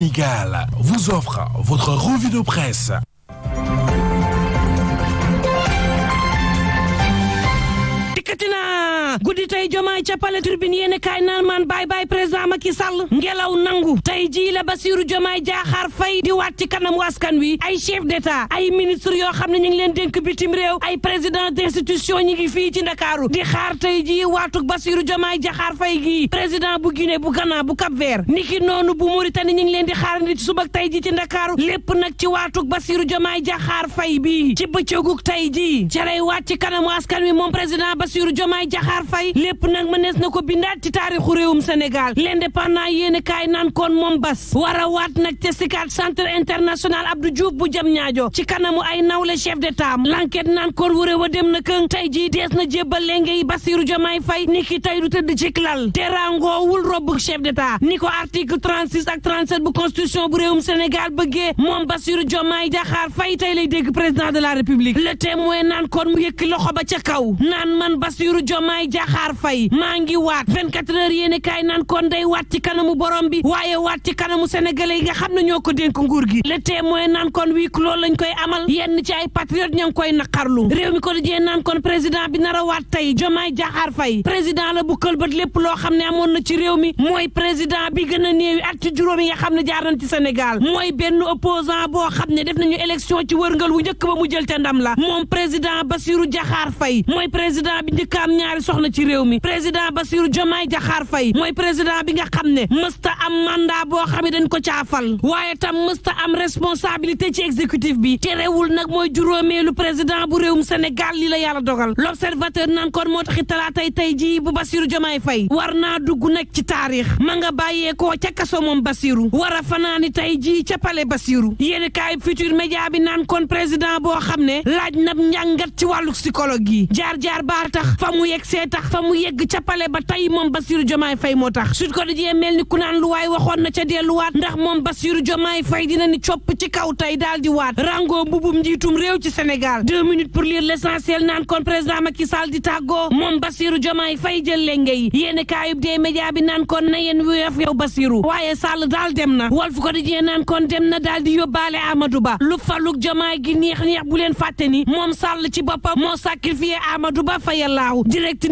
Sénégal vous offre votre revue de presse. guddi tey jomaay ca pale turbine yéene kaay naan maan baay baay président Macky Sall ngelaw nangu tey jii la Bassirou Jomaay Diakhar Faye di waat ci kanam waskan wi ay chef d'état ay ministre yoo xam ne ñu ngi leen dénk bitim réew ay président d'institution ñi ngi fii ci Ndakaaru di xaar tey jii waatuk Bassirou Jomaay Diakhar Faye gii président bu Guinée bu Ghana bu Cap-Vert niki noonu bu Mauritanie ñu ngi leen di xaar xaarandi ci suba tey jii ci Ndakaaru lépp nag ci waatuk Bassirou Jomaay Diakhar Faye bii ci bëccëgug tey jii ca waat ci kanam waskan wi moom président Bassirou Jomaay Diakhar fay lépp nag mënees na ko bindaat ci taarixu réewum Sénégal l'indépendant yéene kaay naan kon moom bas war a waat nag ca sikaat centre international Abdou Diouf bu jam ñaajo ci kanamu ay nawle chef d'état l'enquête naan kon wuré wa dem na këng tey jii dees na jébbal lenge yi Bassirou fay Faye ni ki tey du tëdd ci klal teraangoowul robbuk chef d'état ni ko article 36 ak 37 bu constitution bu réewum Sénégal bëggee moom Bassirou Diomaye Diakhar Faye tey lay dégg président de la république le témoin naan kon loxo ba ca kaw jaxaar fay maa ngi waat 24 heures yéene kaay naan kon day waat ci kanamu borom bi waaye waat ci kanamu sénégalais yi nga xam ne ñoo ko dénk nguur gi le témoin naan kon wii loolu lañ koy amal yenn ci ay patriote ña ngi koy naqarlu réew mi ko dijee naan kon président bi nar waat tey jomaay jaxaar fay président la bu këlbët lépp loo xam ne amoon na ci réew mi mooy président bi gën a néewi at ci juróom yi nga xam ne jaar nañ ci Sénégal mooy benn opposant boo xam ne def nañu élection ci wërngal wu njëkk ba mu jël te ndam la moom président Bassirou Jaxaar Fay mooy président soxla ci réew mi président Bassirou Diomaye Diakhar Faye mooy président bi nga xam ne mësta am mandat boo xam ne dañ ko caafal waaye tam mësta am responsabilité ci exécutif bi terewul nag mooy juróomeelu président bu réewum Sénégal li la yàlla dogal l'observateur nan kon moo taxi talaatay tey jii bu Bassirou Diomaye fay war naa dugg nag ci taarix ma nga bàyyeekoo ca kaso moom Bassirou war a fanaani tey jii ca palais Bassirou yéen kaay futur média bi naan kon président boo xam ne laaj na njàngat ci wàllu psychologue yi li tax fa mu yegg ca pale ba tey moom Bassirou Diomaye Faye moo tax Sud Quotidien mel ni ku naan lu waay waxoon na ca waat ndax moom Bassirou Diomaye Faye dina ni copp ci kaw tey daal di waat rango mbubum njiitum réew ci Sénégal deux minutes pour lire l'essentiel naan kon président Macky Sall di tàggoo moom Bassirou Diomaye Faye jël lenge yi yéen kaayub dee média bi naan kon na yéen wéef yow Bassirou waaye Sall daal dem na Walf Quotidien naan kon dem na daal di yóbbaale Amadou Ba lu faluk Diomaye gi neex neex bu leen fàtte ni moom Sall ci boppam moo sacrifié Amadou Ba fa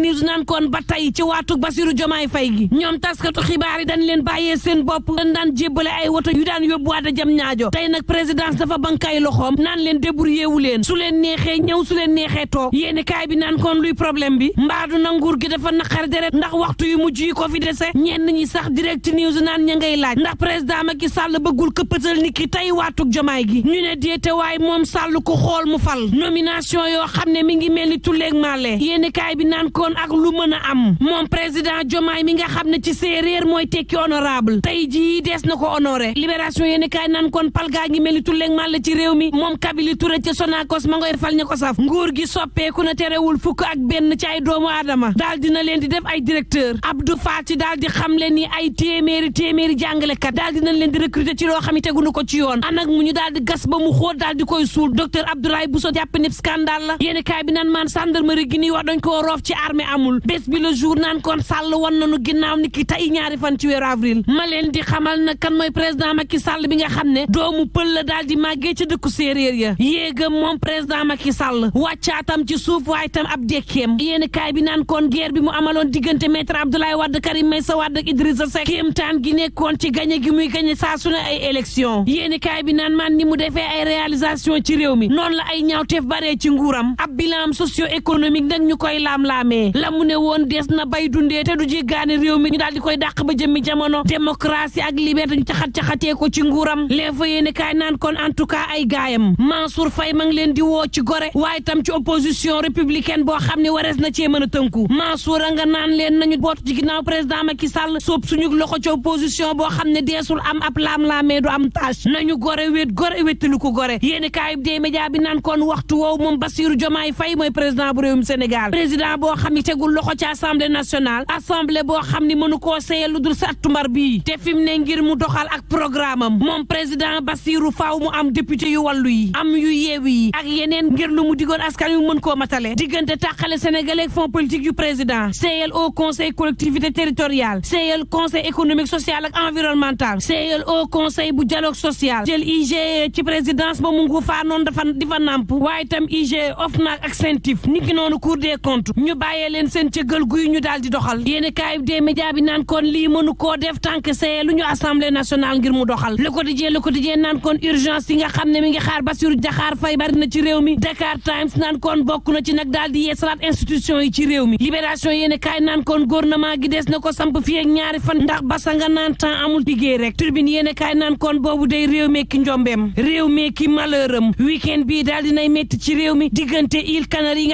News naan koon ba tey ci waatu Basiru Jomaay Fay gi ñoom taskatu xibaar yi dañ leen bàyyee seen bopp dañ daan jébbale ay woto yu daan yóbbuwaat a jam ñaajo tey nag présidence dafa bankaay loxoom naan leen débrouillewu leen su leen neexee ñëw su leen neexee toog yenn kaay bi naan koon luy problème bi mbaadu nanguur gi dafa naqari deret ndax waxtu yu mujj yi ko fi dese ñenn ñi sax direct news naan ña ngay laaj ndax président Macky Sall bëggul këppatal ni ki tey waatug jomaay gi ñu ne déete waay moom Sall ko xool mu fal nomination yoo xam ne mi ngi mel ni tulleeg maale yéeni kaay bi naan koon ak lu mën a am moom président Diomaye mi nga xam ne ci séeréer mooy tekki honorable tey jii dees na ko honoré libération yéeni kaay nan kon palgaa ngi mel ni tulleeg man la ci réew mi moom kabili tura ca Sonacos ma ngoy fal ña ko saf nguur gi soppeeku na terewul fukk ak benn ci ay doomu aadama daal dina leen di def ay directeur Abdou Fati daal di xam leen ni ay téeméeri téeméeri jàngalekat daal dinañ leen di recruter ci loo xam ne teguñu ko ci yoon anak mu ñu gas ba mu xóot daal di koy suul docteur Abdoulaye Bousso jàpp ne scandale la yéeni gi ni wax dañ ko roof ci armée amul bés bi le jour naan kon Sall wan nu ginnaaw ni ki tey ñaari fan ci weeru avril ma leen di xamal na kan mooy président Macky Sall bi nga xam ne doomu pël la daal di màggee ca dëkku séeréer ya yéegam moom président Macky Sall wàccaatam ci suuf waaye tam ab dekkeem yéeni kaay bi naan koon guerre bi mu amaloon diggante maître Abdoulaye Wade Karim Meïssa Wade ak Idrissa Seck kéemtaan gi nekkoon ci gañe gi muy gañe saa su ay élection yéeni kaay bi naan maan ni mu defee ay réalisation ci réew mi noonu la ay ñaawteef baree ci nguuram ab bilan socio économique nag ñu koy laam-laamee la mu woon dees na bay dundee te du jéggaane réew mi ñu daal koy dàq ba jëmmi jamono démocratie ak liberté ñu caxat-caxatee ko ci nguuram l'info yéene kaay naan kon en tout cas ay gaayam Mansour Faye ma ngi leen di woo ci gore waaye tam ci opposition républicaine boo xam ne warees na cee mën a tënku Mansour a nga naan leen nañu boot ci ginnaaw président Macky Sall soob suñu loxo ci opposition boo xam ne deesul am ab laam-laamee du am tâche nañu gore gore wéttalu ko gore yéene kaay bi naan kon waxtu woowu moom Bassirou Diomaye Faye mooy président bu réewum tegul loxo ci assemblée national assemblée boo xam ni mënu koo seyal lu dul sa attumbar bii te fi mu ne ngir mu doxal ak programme am moom président Bassirou faaw mu am député yu wàllu yi am yu yeewi yi ak yeneen ngir lu mu digoon askan yu mën koo matale diggante tàqale sénégalais ak fonds politique yu président seyal au conseil collectivité territoriale seyal conseil économique social ak environnemental seyal au conseil bu dialogue social jël IGE ci présidence ba mu ngu faa noonu dafa di fa tam dee leen seen cëggal guy ñu daal di doxal yéeni kaay des média bi naan kon lii mënu koo def tànk saye lu ñu assemblée nationale ngir mu doxal le quotidien le quotidien naan kon urgence yi nga xam ne mi ngi xaar Bassirou Diakhar Faye bari na ci réew mi Dakar Times naan kon bokk na ci nag daal di yeesalaat institution yi ci réew mi libération yéeni kaay naan kon gouvernement gi des na ko samp fii ak ñaari fan ndax basa nga naan temps amul liggéey rek turbine yéeni kaay naan kon boobu day réew meeki njombeem réew meeki malheuram week-end bii daal dinay métti ci réew mi diggante île Canaries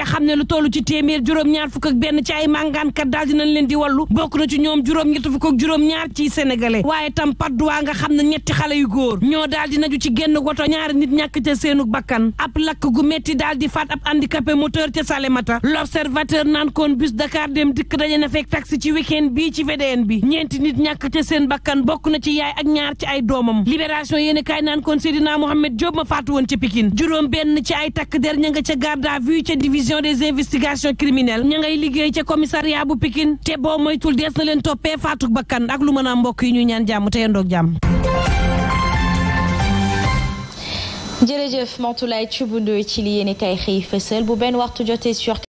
fukk ak benn ci ay màngaankat daal dinañ leen di wallu bokk na ci ñoom juróom ñett fukk ak juróom ñaar ci sénégalais waaye tam padduwaa nga xam ne ñetti xale yu góor ñoo daal di naju ci genn woto ñaari nit ñàkk ca seenu bakkan ab lakk gu metti daal di faat ab handicapé moteur ca Salémata l'observateur naan koon bus Dakar dem dikk daje na fekk taxi ci week-end bii ci VDN bi ñeenti nit ñàkk ca seen bakkan bokk na ci yaay ak ñaar ci ay doomam libération yéen kaay naan koon Seydina Mohamed Diop ma faatu woon ca Pikine juróom benn ci ay takk nga ca garde à vue ca division liggéey ca commissariat bu Pikine te boo moytul dees na leen toppee faatu bakkan ak lu mën a mbokk yi ñu ñaan jàmm te yendoog jàmm jërëjëf lay Thioub Ndoye ci li yéen i kay xëy fësal bu benn waxtu jotee sur